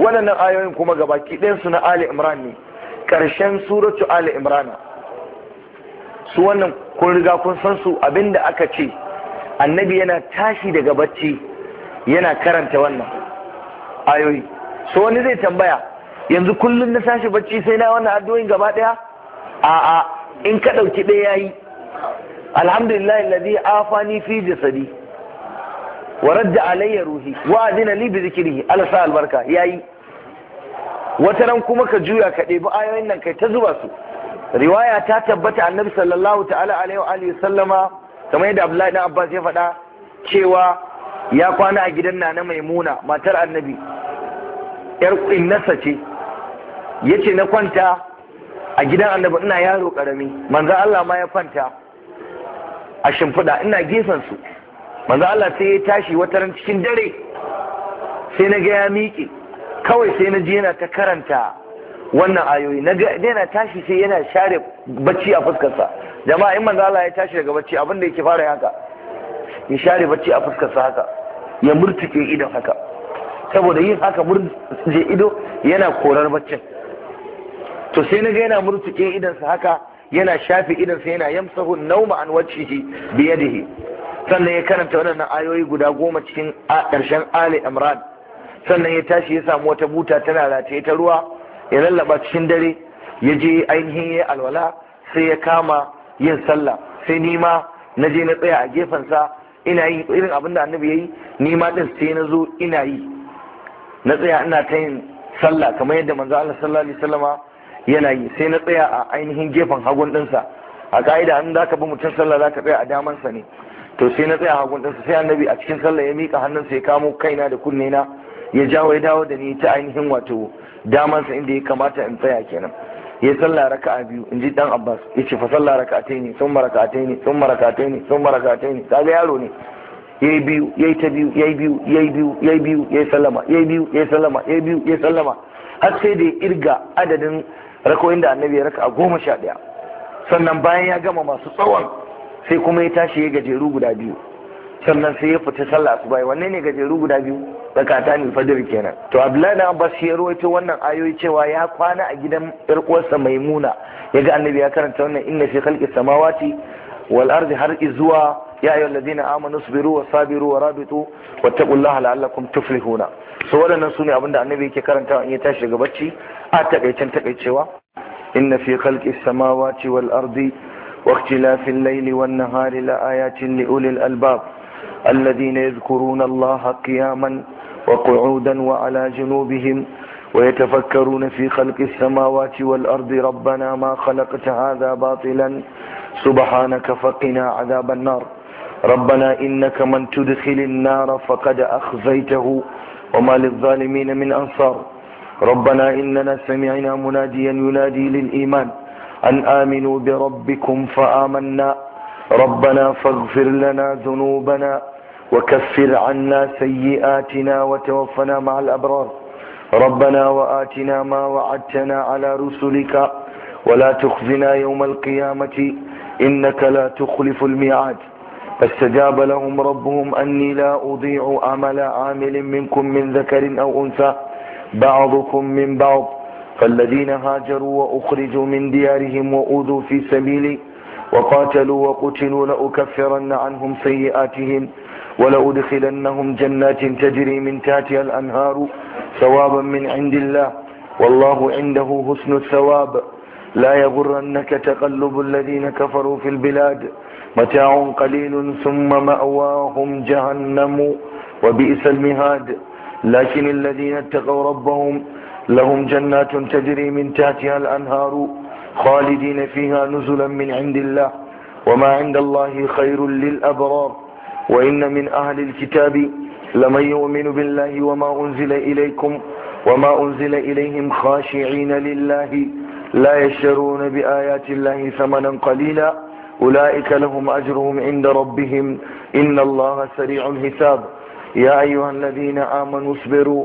waɗannan ayoyin kuma gabaki ɗayansu na ali imran ne Karshen suratu ali imran su wannan kun riga kun san su abinda aka ce annabi yana tashi daga bacci yana karanta wannan ayoyi so wani zai tambaya yanzu kullum na tashi bacci sai na wannan addu'o'in gaba ɗaya 'a in ka ɗauki ɗaya yayi alhamdulillah alladhi afani fi jasadi wa radda alayya ruhi wa'azi adina li bi zikrihi Allah sa albarka yayi wata ran kuma ka juya ka ɗebi ayoyin nan kai ta zuba su riwaya ta tabbata annabi sallallahu ta'ala alaihi na alihi sallama Abbas ya faɗa cewa ya kwana a gidan nana Maimuna matar annabi yar innasa ce yace na kwanta a gidan annabi ina yaro karami manzo Allah ma ya kwanta a shimfiɗa ina gefen su manzo Allah sai ya tashi wata ran cikin dare sai na ga ya miƙe kawai sai na ji yana ta karanta wannan ayoyi na ga yana tashi sai yana share bacci a fuskarsa jama'a in manzo Allah ya tashi daga bacci abin da yake fara haka ya share bacci a fuskarsa haka ya murtuke idon haka saboda yin haka murtuke ido yana korar baccin to sai na ga yana murtuke idonsa haka yana shafe idansa yana yamsahu nauma an wajhihi bi yadihi sannan ya karanta waɗannan ayoyi guda goma cikin ƙarshen ali imran sannan ya tashi ya samu wata buta tana rataye ta ruwa ya lallaba cikin dare ya je ainihin ya alwala sai ya kama yin sallah sai nima na je na tsaya a gefensa ina yi irin abin da annabi ya yi nima ɗin sai na zo ina yi na tsaya ina ta yin sallah kamar yadda manzo Allah sallallahu alaihi wasallama yana yi sai na tsaya a ainihin gefen hagun ɗinsa. a ka'ida an ka bi mutum sallah za ka tsaya a damansa ne to sai na tsaya hagun ɗansa sai annabi a cikin sallah ya mika hannun ya kamo kaina da kunne na ya jawo ya dawo da ni ta ainihin wato daman sa inda ya kamata in tsaya kenan ya sallah raka'a biyu in ji dan Abbas ya ce fa sallah raka'atai ne sun maraka'atai ne sun maraka'atai ne sun maraka'atai ne kaga yaro ne yayi biyu yayi ta biyu yayi biyu yayi biyu yayi biyu yayi sallama yayi biyu yayi sallama yayi biyu yayi sallama har sai da ya irga adadin rakoyin da annabi ya raka a goma sha ɗaya sannan bayan ya gama masu tsawon sai kuma ya tashi ya gajeru guda biyu sannan sai ya fita sallah bai wanne ne gajeru guda biyu zakata ne kenan to abdullahi na abbas ya rawaito wannan ayoyi cewa ya kwana a gidan yar uwarsa maimuna yaga annabi ya karanta wannan inna fi khalqi samawati wal ardi har izuwa ya ayyuhal ladina amanu sabiru wa sabiru wa rabitu wattaqullaha la'allakum tuflihuna so waɗannan sune abinda annabi yake karanta in ya tashi daga bacci a takaicen takaicewa inna fi khalqi samawati wal ardi واختلاف الليل والنهار لآيات لأولي الألباب الذين يذكرون الله قياما وقعودا وعلى جنوبهم ويتفكرون في خلق السماوات والأرض ربنا ما خلقت هذا باطلا سبحانك فقنا عذاب النار ربنا إنك من تدخل النار فقد أخزيته وما للظالمين من أنصار ربنا إننا سمعنا مناديا ينادي للإيمان أن آمنوا بربكم فآمنا ربنا فاغفر لنا ذنوبنا وكفر عنا سيئاتنا وتوفنا مع الأبرار ربنا وآتنا ما وعدتنا على رسلك ولا تخزنا يوم القيامة إنك لا تخلف الميعاد فاستجاب لهم ربهم أني لا أضيع عمل عامل منكم من ذكر أو أنثى بعضكم من بعض فالذين هاجروا وأخرجوا من ديارهم وأوذوا في سبيلي وقاتلوا وقتلوا لأكفرن عنهم سيئاتهم ولأدخلنهم جنات تجري من تاتها الأنهار ثوابا من عند الله والله عنده حسن الثواب لا يغرنك تقلب الذين كفروا في البلاد متاع قليل ثم مأواهم جهنم وبئس المهاد لكن الذين اتقوا ربهم لهم جنات تجري من تحتها الأنهار خالدين فيها نزلا من عند الله وما عند الله خير للأبرار وإن من أهل الكتاب لمن يؤمن بالله وما أنزل إليكم وما أنزل إليهم خاشعين لله لا يشترون بآيات الله ثمنا قليلا أولئك لهم أجرهم عند ربهم إن الله سريع الحساب يا أيها الذين آمنوا اصبروا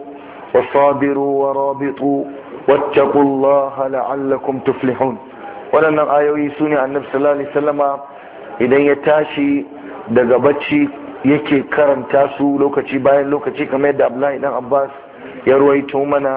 وصابروا ورابطوا واتقوا الله لعلكم تفلحون waɗannan ayoyi su ne annabi sallallahu alaihi idan ya tashi daga bacci yake karanta su lokaci bayan lokaci kamar da abdullahi dan abbas ya ruwaito mana